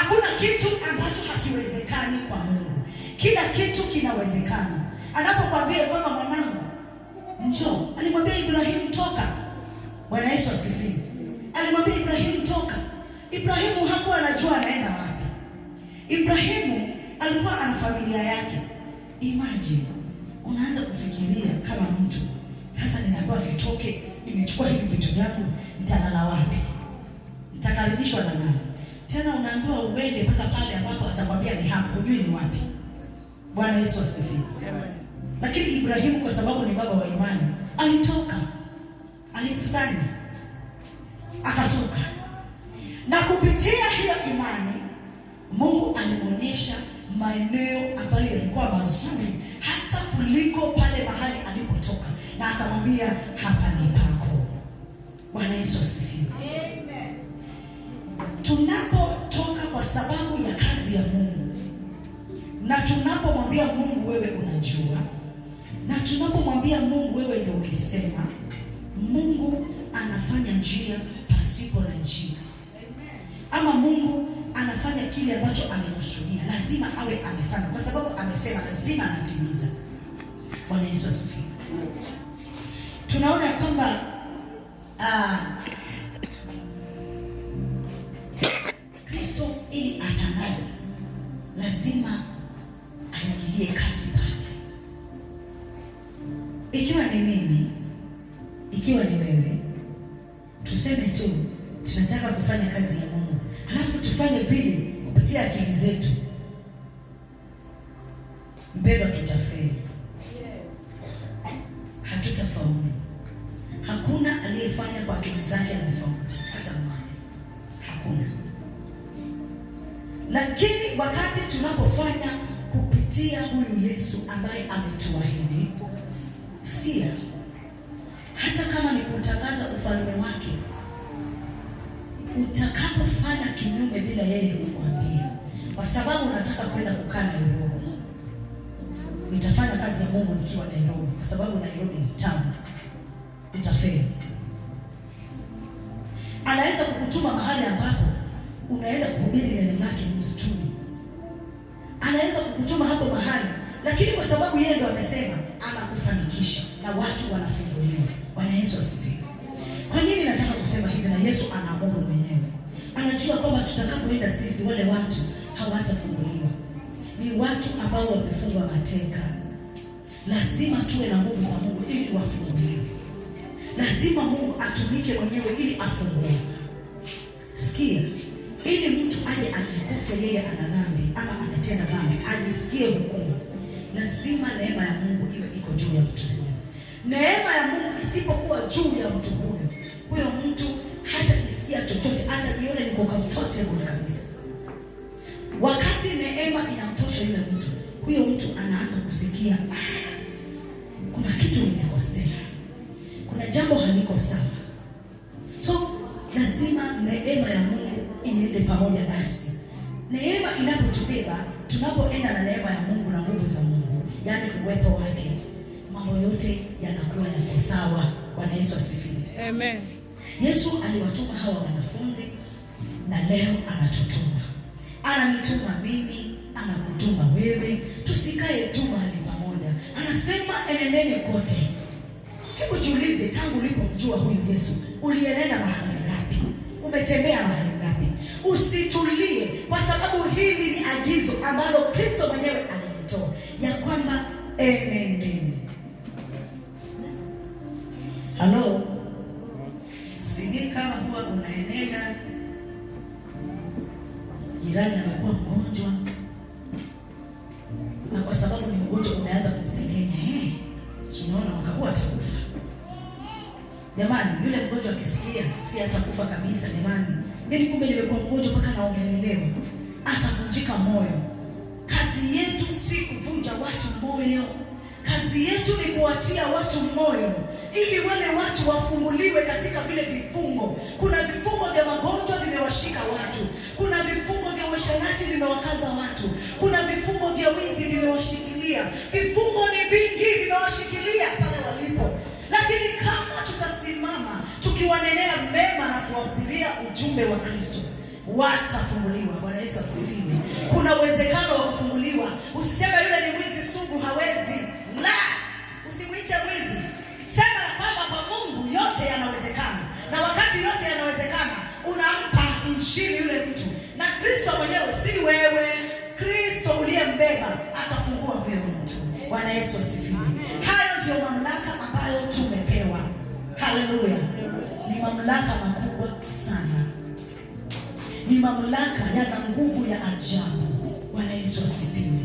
Hakuna kitu ambacho hakiwezekani kwa Mungu, kila kitu kinawezekana. Anapokwambia kwamba mwanangu, njoo, alimwambia Ibrahimu toka. Bwana Yesu asifiwe. Alimwambia Ibrahimu toka. Ibrahimu hakuwa anajua anaenda wapi. Ibrahimu alikuwa ana familia yake. Imagine unaanza kufikiria kama mtu sasa, ninakuwa nitoke, nimechukua hivi vitu vyangu, nitalala wapi? Nitakaribishwa na nani? tena unaambiwa uende mpaka pale ambapo atakwambia ni hapo, hujui ni wapi. Bwana Yesu asifiwe. Lakini Ibrahimu kwa sababu ni baba wa imani alitoka, alikusanya, akatoka, na kupitia hiyo imani Mungu alimuonyesha maeneo ambayo yalikuwa mazuri hata kuliko pale mahali alipotoka, na akamwambia hapa ni pako. Bwana Yesu asifiwe. na tunapomwambia Mungu wewe unajua, na tunapomwambia Mungu wewe ndio ukisema, Mungu anafanya njia pasipo na njia, ama Mungu anafanya kile ambacho amekusudia. Lazima awe amefanya, kwa sababu amesema, lazima anatimiza. Bwana Yesu asifiwe. Tunaona ya kwamba ah, Kristo ili atangaze lazima niingie pale, ikiwa ni mimi, ikiwa ni wewe, tuseme tu tunataka kufanya kazi ya Mungu, halafu tufanye pili kupitia akili zetu, mpendwa, tutafeli, hatutafaulu. Hakuna aliyefanya kwa akili zake amefaulu, hata mmoja, hakuna. Lakini wakati tunapofanya kupitia huyu Yesu ambaye ametuahidi. Sikia, hata kama ni kutangaza ufalme wake, utakapofanya kinyume bila yeye kukwambia, kwa sababu unataka kwenda kukaa Nairobi. Nitafanya kazi ya Mungu nikiwa Nairobi, kwa sababu Nairobi ni tamu, utafeli. Anaweza kukutuma mahali ambapo unaenda kuhubiri neno lake msituni anaweza kukutuma hapo mahali, lakini kwa sababu yeye ndo amesema, anakufanikisha na watu wanafunguliwa. Bwana Yesu asifiwe. Kwa nini nataka kusema hivi? Na Yesu anaamuru mwenyewe, anajua kwamba tutakapoenda sisi, wale watu hawatafunguliwa, ni watu ambao wamefungwa mateka. Lazima tuwe na nguvu za Mungu ili wafunguliwe. Lazima Mungu atumike mwenyewe ili afungue. Sikia ili mtu aje akikute yeye ana dhambi ama ametenda dhambi ajisikie hukumu, lazima neema ya Mungu iwe iko juu ya mtu huyo. Neema ya Mungu isipokuwa juu ya mtu huyo, huyo mtu hata isikia chochote, hata jione yuko comfortable kabisa. Wakati neema inamtosha yule mtu, huyo mtu anaanza kusikia ah, kuna kitu nimekosea, kuna jambo haliko sawa. So lazima neema ya Mungu tuende pamoja basi. Neema inapotubeba tunapoenda na neema ya Mungu na nguvu za Mungu, yani uwepo wake, mambo yote yanakuwa yako sawa. Bwana Yesu asifiwe, amen. Yesu aliwatuma hawa wanafunzi na leo anatutuma, ananituma mimi, anakutuma wewe, tusikae tu mahali pamoja. Anasema enendeni kote. Hebu jiulize, tangu ulipomjua huyu Yesu ulienenda mahali ngapi? Umetembea mahali usitulie, kwa sababu hili ni agizo ambalo Kristo mwenyewe alilitoa ya kwamba enendeni. Halo, sijui kama huwa unaenenda, jirani amekuwa mgonjwa na kwa sababu ni mgonjwa umeanza kumsengenya, hey, tunaona wakakuwa atakufa. Jamani, yule mgonjwa akisikia si atakufa kabisa, jamani mimi yaani kumbe nimekuwa mgonjwa mpaka naongelelewa, atavunjika moyo. Kazi yetu si kuvunja watu moyo, kazi yetu ni kuwatia watu moyo ili wale watu wafunguliwe katika vile vifungo. Kuna vifungo vya magonjwa vimewashika watu, kuna vifungo vya uasherati vimewakaza watu, kuna vifungo vya wizi vimewashikilia. Vifungo ni vingi, vimewashikilia pale walipo, lakini kama tutasimama tukiwanenea mema na kuwahubiria ujumbe wa Kristo watafunguliwa. Bwana Yesu asifiwe. Kuna uwezekano wa kufunguliwa. Usiseme yule ni mwizi sugu, hawezi. La, usimwite mwizi, sema kwamba kwa Mungu yote yanawezekana, na wakati yote yanawezekana, unampa injili yule mtu na Kristo mwenyewe, si wewe. Kristo uliyembeba atafungua pia mtu. Bwana Yesu asifiwe. Hayo ndiyo mamlaka ambayo tumepewa. Haleluya mamlaka makubwa sana, ni mamlaka yana nguvu ya ajabu. Bwana Yesu asifiwe.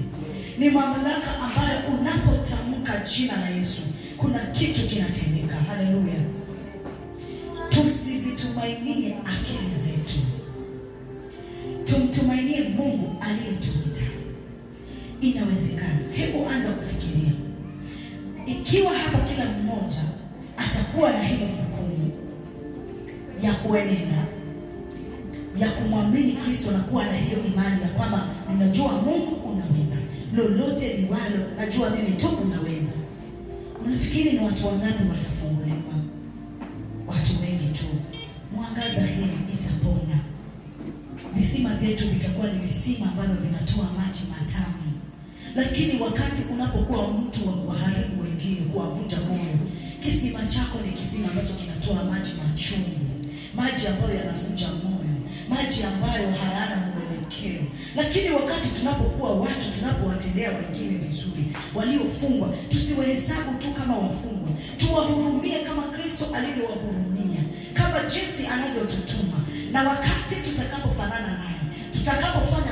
Ni mamlaka ambayo unapotamka jina la Yesu kuna kitu kinatendeka. Haleluya! Tusizitumainie akili zetu, tumtumainie Mungu aliyetuita. Inawezekana. Hebu anza kufikiria ikiwa hapa kila mmoja atakuwa na hilo jukumu ya kuenenda ya kumwamini Kristo na kuwa na hiyo imani ya kwamba ninajua Mungu unaweza lolote liwalo, najua mimi tu unaweza. Unafikiri ni watu wangapi watafunguliwa? Watu wengi tu. Mwangaza hili itapona. Visima vyetu vitakuwa ni visima ambavyo vinatoa maji matamu, lakini wakati unapokuwa mtu wa kuharibu wengine, kuwavunja moyo, kisima chako ni kisima ambacho kinatoa maji maji ambayo yanafunja moyo, maji ambayo hayana mwelekeo. Lakini wakati tunapokuwa watu, tunapowatendea wengine vizuri, waliofungwa tusiwahesabu tu kama wafungwa, tuwahurumie kama Kristo alivyowahurumia, kama jinsi anavyotutuma, na wakati tutakapofanana naye, tutakapofanya